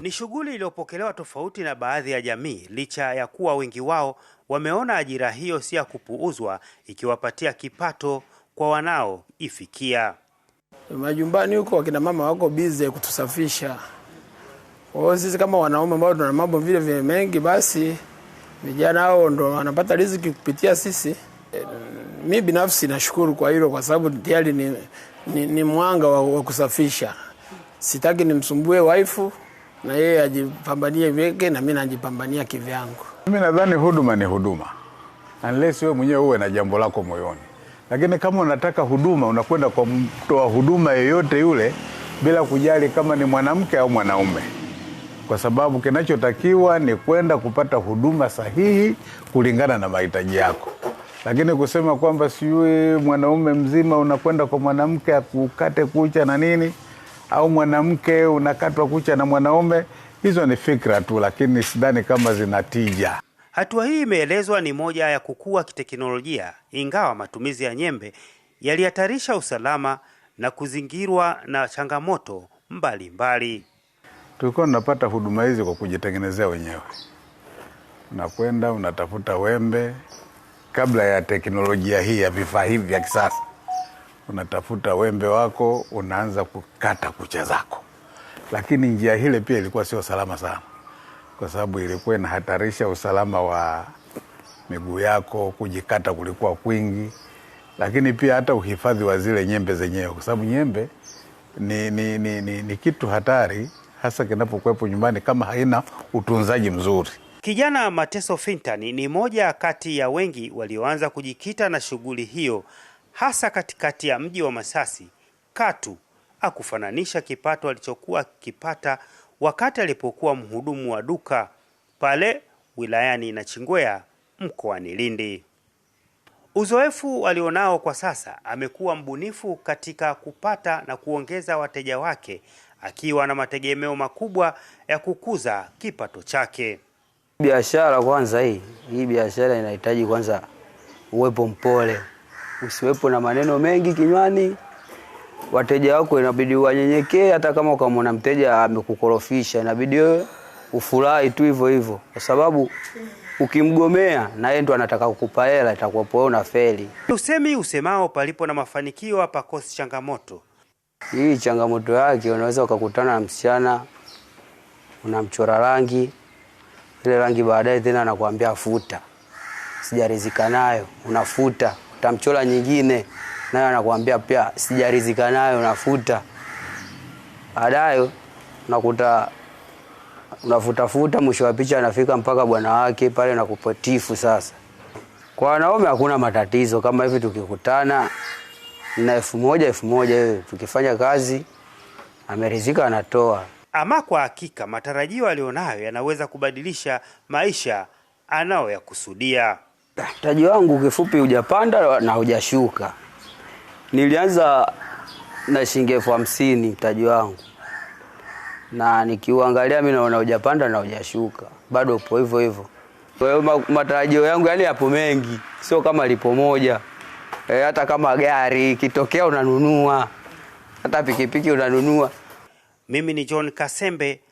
Ni shughuli iliyopokelewa tofauti na baadhi ya jamii, licha ya kuwa wengi wao wameona ajira hiyo si ya kupuuzwa, ikiwapatia kipato kwa wanaoifikia. Majumbani huko wakina mama wako bize kutusafisha. Kwa sisi kama wanaume ambao tuna mambo vile vile mengi, basi vijana hao ndo wanapata riziki kupitia sisi. mi binafsi nashukuru kwa hilo, kwa sababu tayari ni, ni, ni mwanga wa, wa kusafisha. Sitaki nimsumbue waifu na yeye ajipambanie vyake na mimi najipambania kivyangu. Mimi nadhani huduma ni huduma, unless wewe mwenyewe uwe na jambo lako moyoni, lakini kama unataka huduma unakwenda kwa mtoa huduma yoyote yule bila kujali kama ni mwanamke au mwanaume, kwa sababu kinachotakiwa ni kwenda kupata huduma sahihi kulingana na mahitaji yako. Lakini kusema kwamba sijui mwanaume mzima unakwenda kwa mwanamke akukate kucha na nini au mwanamke unakatwa kucha na mwanaume, hizo ni fikra tu, lakini sidhani kama zinatija Hatua hii imeelezwa ni moja ya kukua kiteknolojia, ingawa matumizi ya nyembe yalihatarisha usalama na kuzingirwa na changamoto mbalimbali. Tulikuwa tunapata huduma hizi kwa kujitengenezea wenyewe, unakwenda unatafuta wembe kabla ya teknolojia hii ya vifaa hivi vya kisasa unatafuta wembe wako, unaanza kukata kucha zako. Lakini njia hile pia ilikuwa sio salama sana, kwa sababu ilikuwa inahatarisha usalama wa miguu yako, kujikata kulikuwa kwingi, lakini pia hata uhifadhi wa zile nyembe zenyewe, kwa sababu nyembe ni, ni, ni, ni, ni kitu hatari hasa kinapokuwepo nyumbani kama haina utunzaji mzuri. Kijana Mateso Fintani ni moja kati ya wengi walioanza kujikita na shughuli hiyo hasa katikati ya mji wa Masasi Katu akufananisha kipato alichokuwa kipata wakati alipokuwa mhudumu wa duka pale wilayani na chingwea mkoani Lindi. Uzoefu alionao kwa sasa, amekuwa mbunifu katika kupata na kuongeza wateja wake, akiwa na mategemeo makubwa ya kukuza kipato chake. Biashara kwanza, hii hii biashara inahitaji kwanza uwepo mpole usiwepo na maneno mengi kinywani. Wateja wako inabidi wanyenyekee, hata kama ukamwona mteja amekukorofisha, inabidi wewe ufurahi tu hivyo hivyo, kwa sababu ukimgomea na yeye ndo anataka kukupa hela, itakuwa poa una feli. Usemi usemao palipo na mafanikio hapakosi changamoto. Hii changamoto yake, unaweza ukakutana na msichana unamchora rangi ile rangi, baadaye tena anakuambia futa, sijarizika nayo, unafuta utamchola nyingine, nayo anakuambia pia sijarizika nayo, nafuta. Baadaye unakuta unafutafuta, mwisho wa picha anafika mpaka bwana wake pale na kupotifu. Sasa kwa wanaume hakuna matatizo kama hivi, tukikutana na elfu moja elfu moja hiyo, tukifanya kazi amerizika anatoa. Ama kwa hakika matarajio aliyonayo yanaweza kubadilisha maisha anayoyakusudia. Mtaji wangu kifupi hujapanda na hujashuka. Nilianza na shilingi elfu hamsini mtaji wangu, na nikiuangalia mimi naona hujapanda na hujashuka, bado upo hivyo hivyo. Kwa hiyo matarajio yangu yani yapo mengi, sio kama lipo moja. E, hata kama gari ikitokea unanunua, hata pikipiki unanunua. Mimi ni John Kasembe